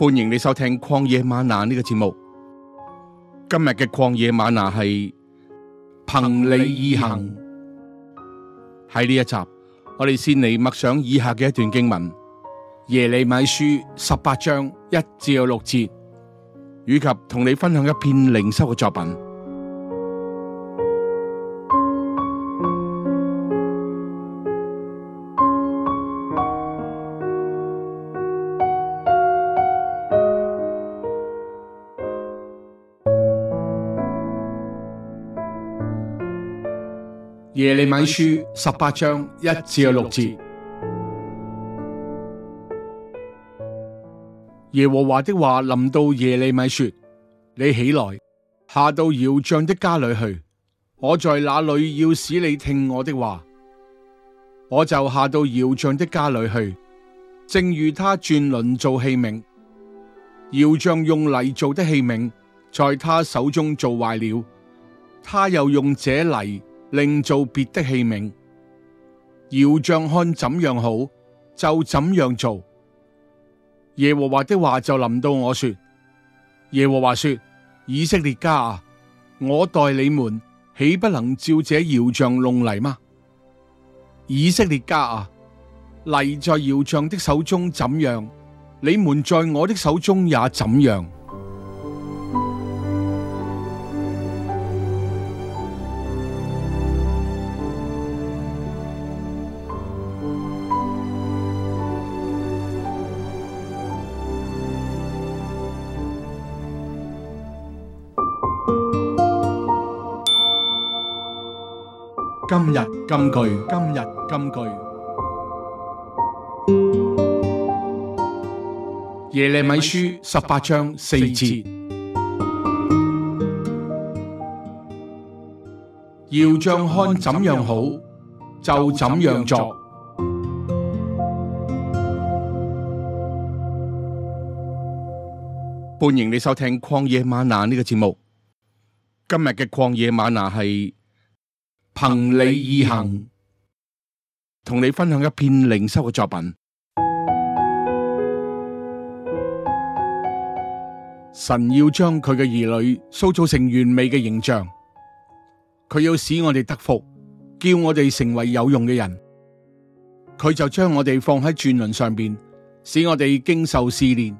歡迎你收聽曠野嗎哪呢個節目。今日嘅曠野嗎哪係憑你意行，喺呢一集，我哋先嚟默想以下嘅一段經文：耶利米書十八章一至六節，以及同你分享一篇靈修嘅作品。耶利米書十八章一至六節，耶和華的話臨到耶利米說：你起來下到窑匠的家裏去，我在那裏要使你聽我的話，我就下到窑匠的家裏去，正如他轉輪做器皿，窑匠用泥做的器皿在他手中做壞了，他又用這泥。另做別的器皿，窑匠看怎樣好就怎樣做。耶和華的話就臨到我說：耶和華說，以色列家啊，我待你們豈不能照這窑匠弄泥嗎？以色列家啊，泥在窑匠的手中怎樣，你們在我的手中也怎樣。今日金句，今日金句。耶利米書十八章四節，窯匠看怎樣好，就怎樣做。歡迎你收聽曠野嗎哪呢個節目。今日嘅曠野嗎哪係。憑你意行，同你分享一篇靈修嘅作品。神要將佢嘅兒女塑造成完美嘅形象，佢要使我哋得福，叫我哋成為有用嘅人。佢就將我哋放喺轉輪上邊，使我哋經受試煉。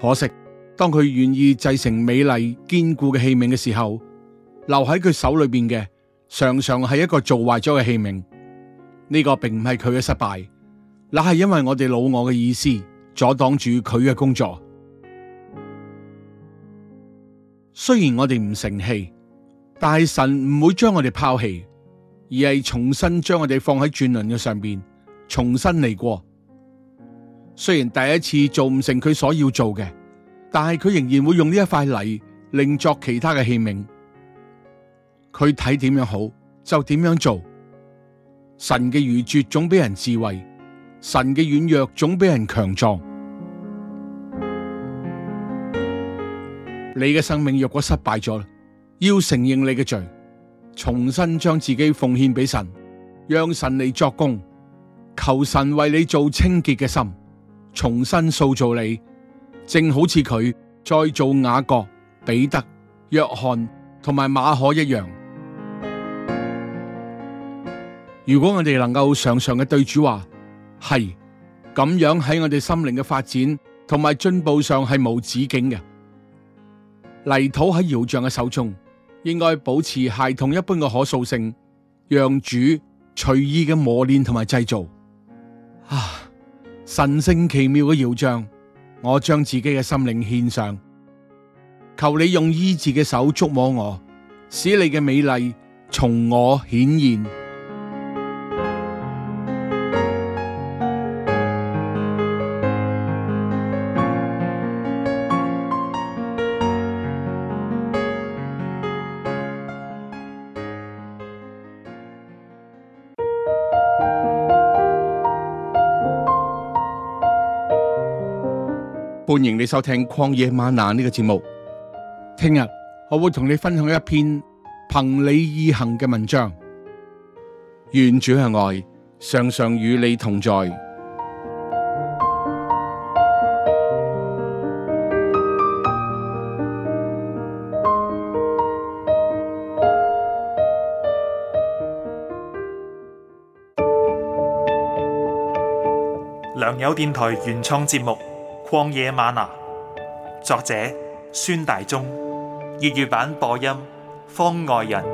可惜，當佢願意製成美麗堅固嘅器皿嘅時候，留喺佢手裏邊嘅，常常係一個做壞咗嘅器皿，呢個並唔係佢嘅失敗，乃係因為我哋老我嘅意思，阻擋住佢嘅工作。雖然我哋唔成器，但係神唔會將我哋拋棄，而係重新將我哋放喺轉輪嘅上邊，重新嚟過。雖然第一次做唔成佢所要做嘅，但係佢仍然會用呢一塊泥另作其他嘅器皿。佢睇點樣好就點樣做。神嘅愚拙總俾人智慧，神嘅軟弱總俾人強壯。 你嘅生命若果失敗咗，要承認你嘅罪，重新將自己奉獻俾神，讓神嚟作工，求神為你做清潔嘅心，重新塑造你，正好似佢再做雅各、彼得、約翰、同埋馬可一樣。如果我哋能夠常常嘅，對主話係咁樣，喺我哋心靈嘅發展同埋進步上係無止境嘅。泥土喺窑匠嘅手中應該保持孩童一般嘅可塑性，讓主隨意嘅磨練同埋製造。啊，神聖奇妙嘅窑匠，我將自己嘅心靈獻上，求你用醫治嘅手觸摸我，使你嘅美麗從我顯現。歡迎你收聽曠野嗎哪呢個節目。聽日我會同你分享一篇憑你意行嘅文章。願主嘅愛，常常與你同在。良友電台原創節目。曠野嗎哪，作者孫大中，粵語版播音方外人，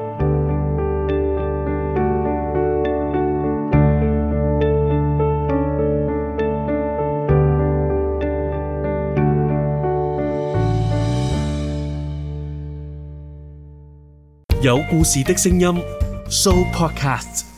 有故事的聲音 Show Podcast。